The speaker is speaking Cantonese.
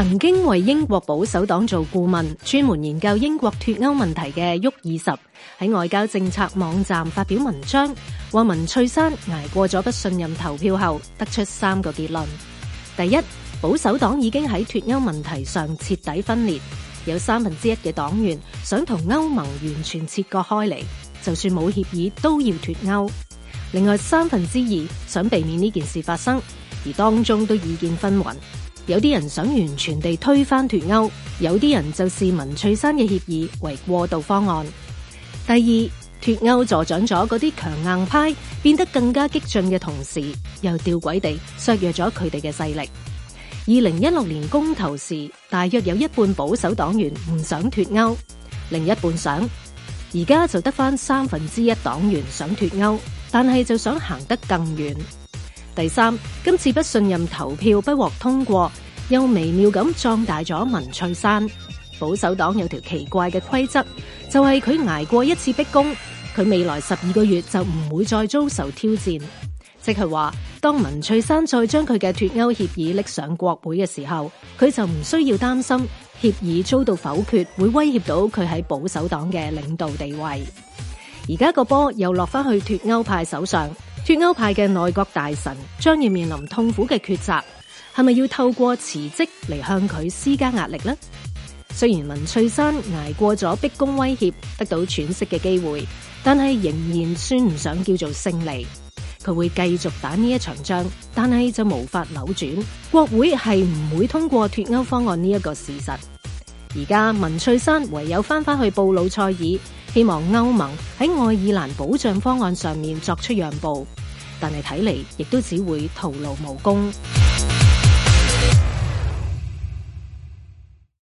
曾經為英國保守黨做顧問，專門研究英國脫歐問題嘅沃爾什喺外交政策網站發表文章，話文翠珊挨過咗不信任投票後，得出三個結論：第一，保守黨已經喺脫歐問題上徹底分裂，有三分之一嘅黨員想同歐盟完全切割開嚟，就算冇協議都要脫歐；另外三分之二想避免呢件事發生，而當中都意見紛紜。有啲人想完全地推翻脫歐，有啲人就視文翠山嘅協議為過渡方案。第二，脫歐助長咗嗰啲強硬派變得更加激進嘅同時，又吊詭地削弱咗佢哋嘅勢力。二零一六年公投時，大約有一半保守黨員唔想脫歐，另一半想。而家就得返三分之一黨員想脫歐，但係就想行得更遠。第三，今次不信任投票不獲通過，又微妙咁壯大咗文翠山。保守黨有條奇怪嘅規則，就係佢捱過一次逼宮，佢未來十二個月就唔會再遭受挑戰。即係話，當文翠山再將佢嘅脫歐協議拎上國會嘅時候，佢就唔需要擔心協議遭到否決會威脅到佢喺保守黨嘅領導地位。而家個波又落翻去脫歐派手上。脫歐派嘅內閣大臣將要面臨痛苦嘅抉擇，係咪要透過辭職嚟向佢施加壓力呢？雖然文翠珊捱過咗逼宮威脅，得到喘息嘅機會，但係仍然算唔上叫做勝利。佢會繼續打呢一場仗，但係就無法扭轉，國會係唔會通過脫歐方案呢一個事實。而家文翠珊唯有翻返去布魯塞爾。希望歐盟喺愛爾蘭保障方案上面作出讓步，但係睇嚟，亦都只會徒勞無功。